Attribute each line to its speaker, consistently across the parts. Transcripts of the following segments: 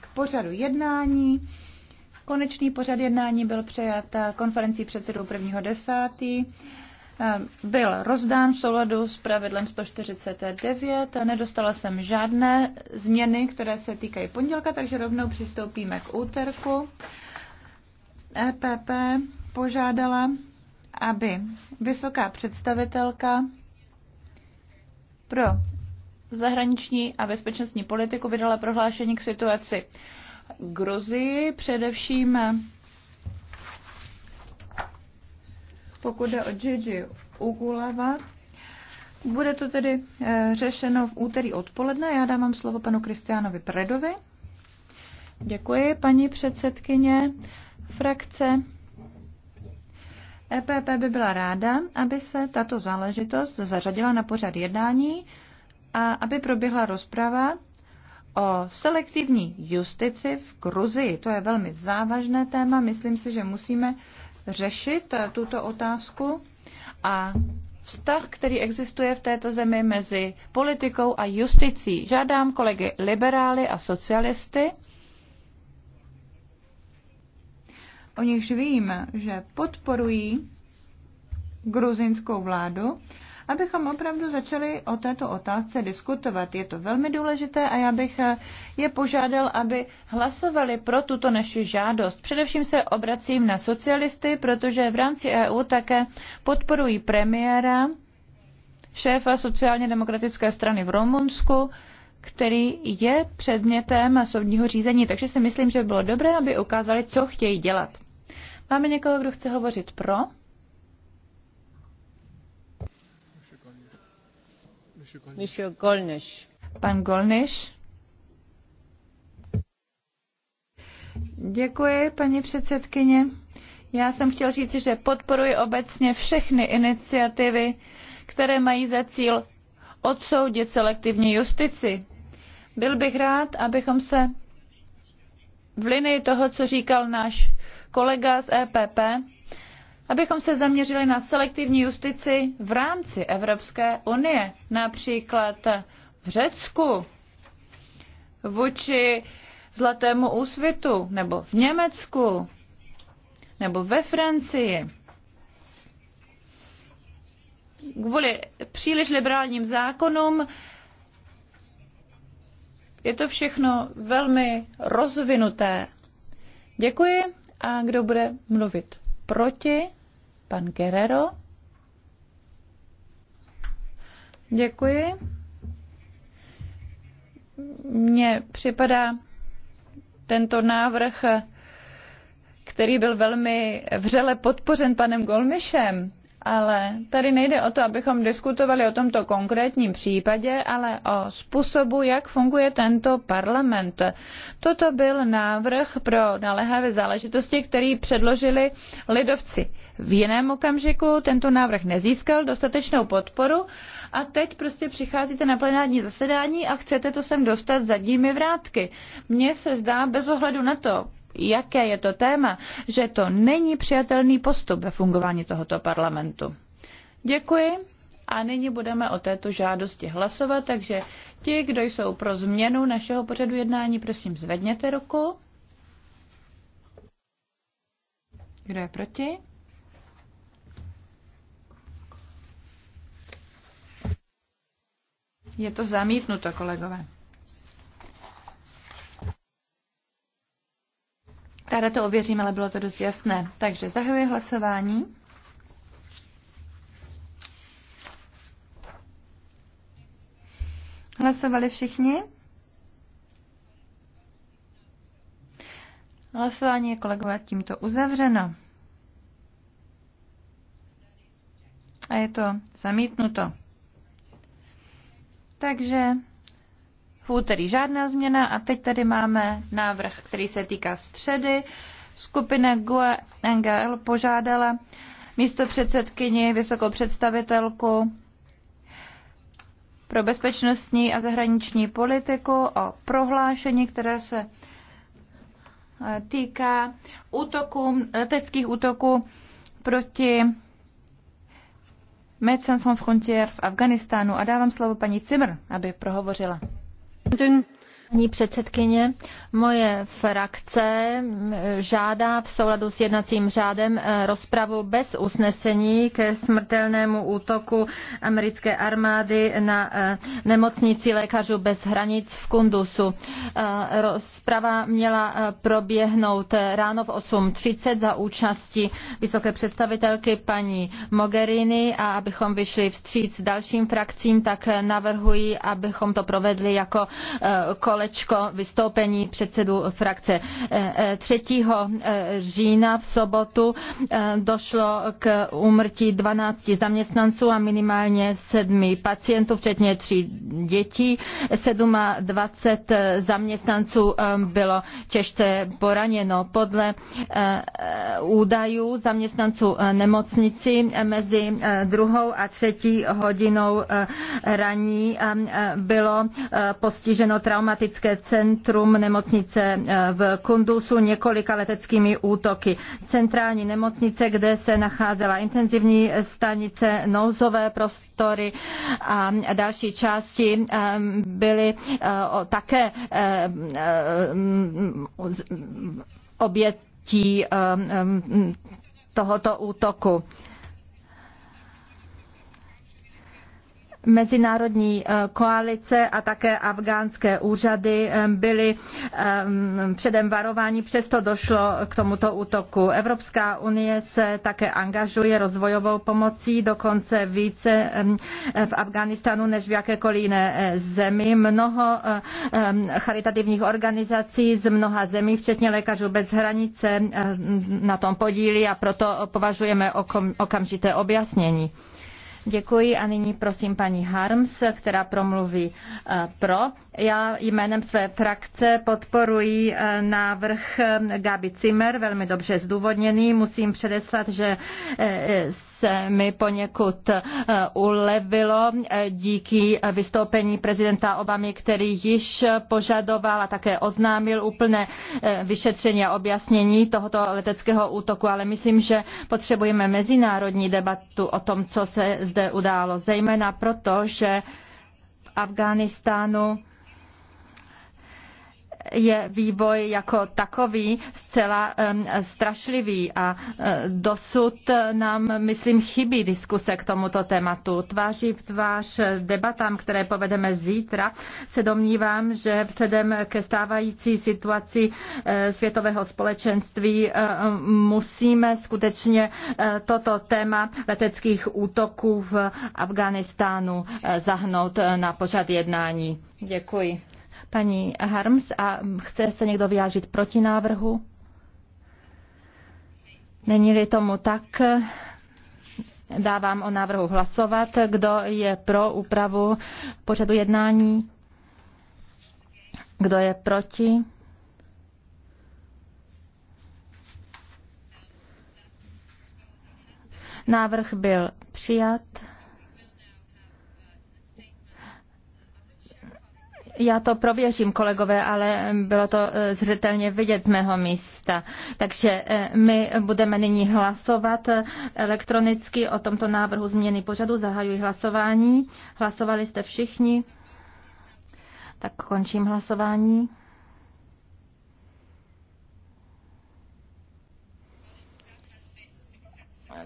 Speaker 1: k pořadu jednání. Konečný pořad jednání byl přijat konferencí předsedů 1.10. Byl rozdán v souladu s pravidlem 149. Nedostala jsem žádné změny, které se týkají pondělka, takže rovnou přistoupíme k úterku. EPP požádala, aby vysoká představitelka pro zahraniční a bezpečnostní politiku vydala prohlášení k situaci Gruzii, především pokud jde o Gigi Ugulava. Bude to tedy eh, řešeno v úterý odpoledne. Já dávám slovo panu Kristiánovi Predovi. Děkuji, paní předsedkyně frakce. EPP by byla ráda, aby se tato záležitost zařadila na pořad jednání a aby proběhla rozprava o selektivní justici v Gruzii. To je velmi závažné téma. Myslím si, že musíme řešit eh, tuto otázku a vztah, který existuje v této zemi mezi politikou a justicí. Žádám kolegy liberály a socialisty, o nichž vím, že podporují gruzinskou vládu, abychom opravdu začali o této otázce diskutovat. Je to velmi důležité a já bych eh, je požádal, aby hlasovali pro tuto naši žádost. Především se obracím na socialisty, protože v rámci EU také podporují premiéra, šéfa sociálně demokratické strany v Rumunsku, který je předmětem soudního řízení, takže si myslím, že by bylo dobré, aby ukázali, co chtějí dělat. Máme někoho, kdo chce hovořit pro? Pan Golniš. Děkuji, paní předsedkyně. Já jsem chtěl říct, že podporuji obecně všechny iniciativy, které mají za cíl odsoudit selektivní justici. Byl bych rád, abychom se v linii toho, co říkal náš kolega z EPP, abychom se zaměřili na selektivní justici v rámci Evropské unie, například v Řecku vůči Zlatému úsvitu, nebo v Německu, nebo ve Francii. Kvůli příliš liberálním zákonům je to všechno velmi rozvinuté. Děkuji a kdo bude mluvit? proti, pan Guerrero. Děkuji. Mně připadá tento návrh, který byl velmi vřele podpořen panem Golmišem, ale tady nejde o to, abychom diskutovali o tomto konkrétním případě, ale o způsobu, jak funguje tento parlament. Toto byl návrh pro naléhavé záležitosti, který předložili lidovci. V jiném okamžiku tento návrh nezískal dostatečnou podporu a teď prostě přicházíte na plenární zasedání a chcete to sem dostat zadními vrátky. Mně se zdá bez ohledu na to, jaké je to téma, že to není přijatelný postup ve fungování tohoto parlamentu. Děkuji. A nyní budeme o této žádosti hlasovat, takže ti, kdo jsou pro změnu našeho pořadu jednání, prosím zvedněte ruku. Kdo je proti? Je to zamítnuto, kolegové. Ráda to ověřím, ale bylo to dost jasné. Takže zahajuji hlasování. Hlasovali všichni? Hlasování je kolegové tímto uzavřeno. A je to zamítnuto. Takže v úterý žádná změna a teď tady máme návrh, který se týká středy. Skupina GUE NGL požádala místo předsedkyni, vysokou představitelku pro bezpečnostní a zahraniční politiku o prohlášení, které se eh, týká útoků, leteckých eh, útoků proti Médecins Sans Frontières v Afganistánu. A dávám slovo paní Cimr, aby prohovořila
Speaker 2: präsidentin! Paní předsedkyně, moje frakce žádá v souladu s jednacím řádem eh, rozpravu bez usnesení ke smrtelnému útoku americké armády na eh, nemocnici lékařů bez hranic v Kundusu. Eh, rozprava měla proběhnout ráno v 8.30 za účasti vysoké představitelky paní Mogherini a abychom vyšli vstříc dalším frakcím, tak navrhuji, abychom to provedli jako kolegy kolečko vystoupení předsedů frakce. 3. E, e, e, října v sobotu došlo k úmrtí 12 zaměstnanců a minimálně 7 pacientů, včetně 3 dětí. 27 zaměstnanců bylo těžce poraněno. Podle údajů zaměstnanců nemocnici mezi druhou a třetí hodinou raní bylo postiženo traumatickým geografické centrum nemocnice eh, v Kundusu několika leteckými útoky. Centrální nemocnice, kde se nacházela intenzivní stanice, nouzové prostory a další části eh, byly eh, také obětí tohoto útoku. mezinárodní eh, koalice a také afgánské úřady eh, byly eh, předem varováni, přesto došlo k tomuto útoku. Evropská unie se také angažuje rozvojovou pomocí, dokonce více v Afganistanu než v jakékoliv jiné zemi. Mnoho charitativních organizací z mnoha zemí, včetně Lékařů bez hranice, na tom podílí a proto považujeme okamžité objasnění. Děkuji a nyní prosím paní Harms, která promluví eh, pro. Já jménem své frakce podporuji eh, návrh eh, Gaby Zimmer, velmi dobře zdůvodněný. Musím předeslat, že se mi poněkud eh, ulevilo eh, díky vystoupení prezidenta Obamy, který již požadoval a také oznámil úplné eh, vyšetření a objasnění tohoto leteckého útoku, ale myslím, že potřebujeme mezinárodní debatu o tom, co se zde událo, zejména proto, že v Afghánistánu je vývoj jako takový zcela strašlivý a e, dosud nám, myslím, chybí diskuse k tomuto tématu. Tváří v tvář debatám, které povedeme zítra, se domnívám, že vzhledem ke stávající situaci e, světového společenství e, musíme skutečně toto téma leteckých útoků v Afganistánu zahnout na pořad jednání. Děkuji paní Harms a chce se někdo vyjádřit proti návrhu? Není-li tomu tak, dávám o návrhu hlasovat. Kdo je pro úpravu pořadu jednání? Kdo je proti? Návrh byl přijat. Já to prověřím, kolegové, ale bylo to eh, zřetelně vidět z mého místa. Takže eh, my budeme nyní hlasovat eh, elektronicky o tomto návrhu změny pořadu. Zahajuji hlasování. Hlasovali jste všichni? Tak končím hlasování.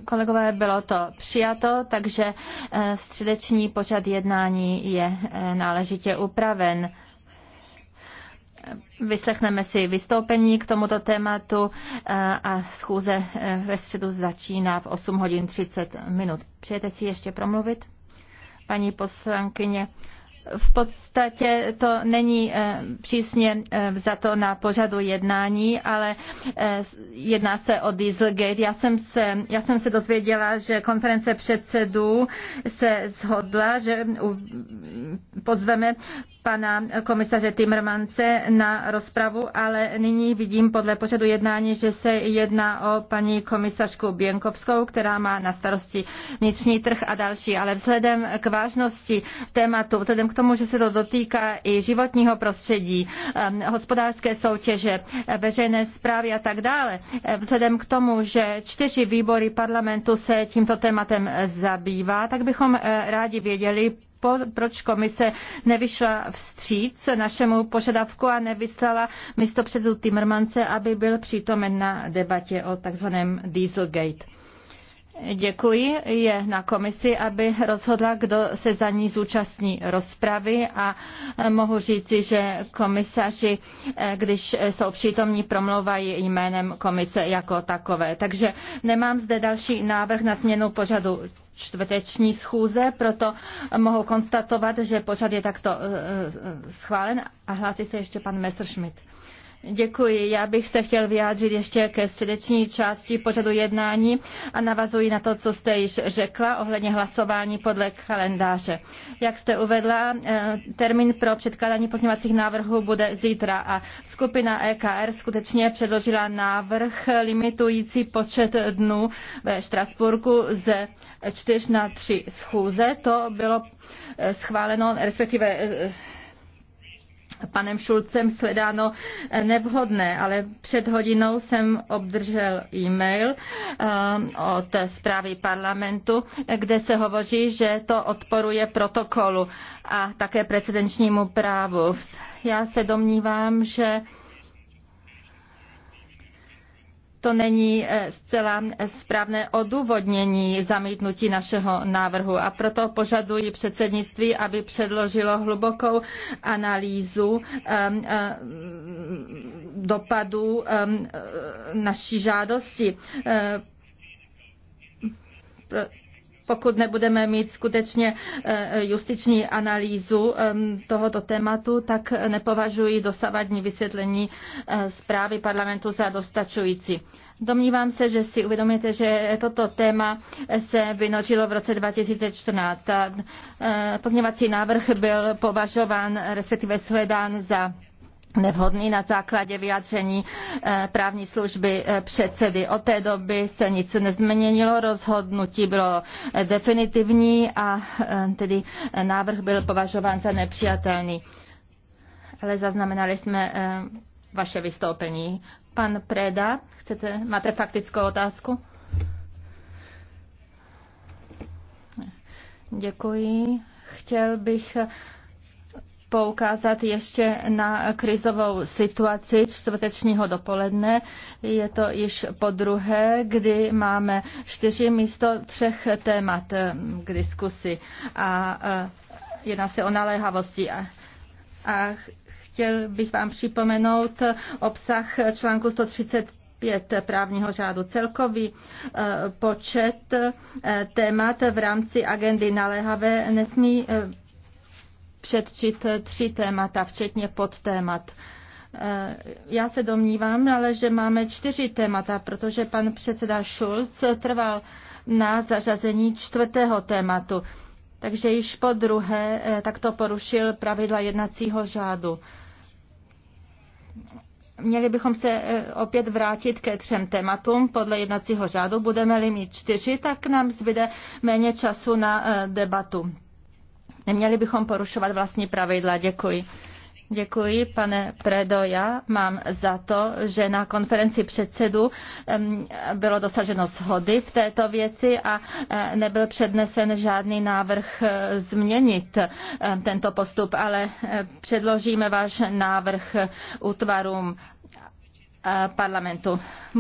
Speaker 2: Kolegové, bylo to přijato, takže eh, středeční pořad jednání je eh, náležitě upraven. Vyslechneme si vystoupení k tomuto tématu eh, a schůze ve středu začíná v 8 hodin 30 minut. Přejete si ještě promluvit? Paní poslankyně, v podstatě to není eh, přísně eh, vzato na pořadu jednání, ale eh, jedná se o Dieselgate. Já jsem se, já jsem se dozvěděla, že konference předsedů se shodla, že pozveme pana komisaře Timmermance na rozpravu, ale nyní vidím podle pořadu jednání, že se jedná o paní komisařku Běnkovskou, která má na starosti vnitřní trh a další. Ale vzhledem k vážnosti tématu, vzhledem k tomu, že se to dotýká i životního prostředí, hospodářské soutěže, veřejné zprávy a tak dále. Vzhledem k tomu, že čtyři výbory parlamentu se tímto tématem zabývá, tak bychom eh, rádi věděli, proč komise nevyšla vstříc našemu požadavku a nevyslala místo předzů Timmermance, aby byl přítomen na debatě o takzvaném Dieselgate. Děkuji. Je na komisi, aby rozhodla, kdo se za ní zúčastní rozpravy a e, mohu říci, že komisaři, e, když jsou přítomní, promlouvají jménem komise jako takové. Takže nemám zde další návrh na změnu pořadu čtvrteční schůze, proto mohu konstatovat, že pořad je takto e, schválen a hlásí se ještě pan Messerschmidt. Děkuji. Já bych se chtěl vyjádřit ještě ke středeční části pořadu jednání a navazuji na to, co jste již řekla ohledně hlasování podle kalendáře. Jak jste uvedla, eh, termín pro předkládání pozměňovacích návrhů bude zítra a skupina EKR skutečně předložila návrh limitující počet dnů ve Štrasburku ze 4 na 3 schůze. To bylo eh, schváleno, respektive eh, panem Šulcem shledáno nevhodné, ale před hodinou jsem obdržel e-mail eh, od zprávy parlamentu, kde se hovoří, že to odporuje protokolu a také precedenčnímu právu. Já se domnívám, že to není eh, zcela eh, správné odůvodnění zamítnutí našeho návrhu a proto požaduji předsednictví, aby předložilo hlubokou analýzu ehm, ehm, dopadů ehm, naší žádosti eh, pokud nebudeme mít skutečně eh, justiční analýzu ehm, tohoto tématu, tak nepovažuji dosavadní vysvětlení eh, zprávy parlamentu za dostačující. Domnívám se, že si uvědomíte, že toto téma se vynořilo v roce 2014. Eh, Pozměvací návrh byl považován, respektive shledán za nevhodný na základě vyjádření eh, právní služby eh, předsedy. Od té doby se nic nezměnilo, rozhodnutí bylo eh, definitivní a tedy návrh byl považován za nepřijatelný. Ale zaznamenali jsme vaše vystoupení. Pan Preda, chcete, máte faktickou otázku? Děkuji. Chtěl bych poukázat ještě na krizovou situaci čtvrtečního dopoledne. Je to již po druhé, kdy máme čtyři místo třech témat eh, k diskusi a eh, jedná se o naléhavosti. A, a chtěl bych vám připomenout obsah článku 130 pět právního řádu. Celkový eh, počet témat v rámci agendy naléhavé nesmí předčit eh, tři témata, včetně podtémat. Eh, já se domnívám, ale že máme čtyři témata, protože pan předseda Schulz trval na zařazení čtvrtého tématu. Takže již po druhé eh, takto porušil pravidla jednacího řádu. Měli bychom se opět vrátit ke třem tématům podle jednacího řádu. Budeme-li mít čtyři, tak nám zbyde méně času na debatu. Neměli bychom porušovat vlastní pravidla. Děkuji. Děkuji, pane Predo. Já mám za to, že na konferenci předsedu bylo dosaženo shody v této věci a e, nebyl přednesen žádný návrh e, změnit e, tento postup, ale předložíme váš návrh útvarům parlamentu.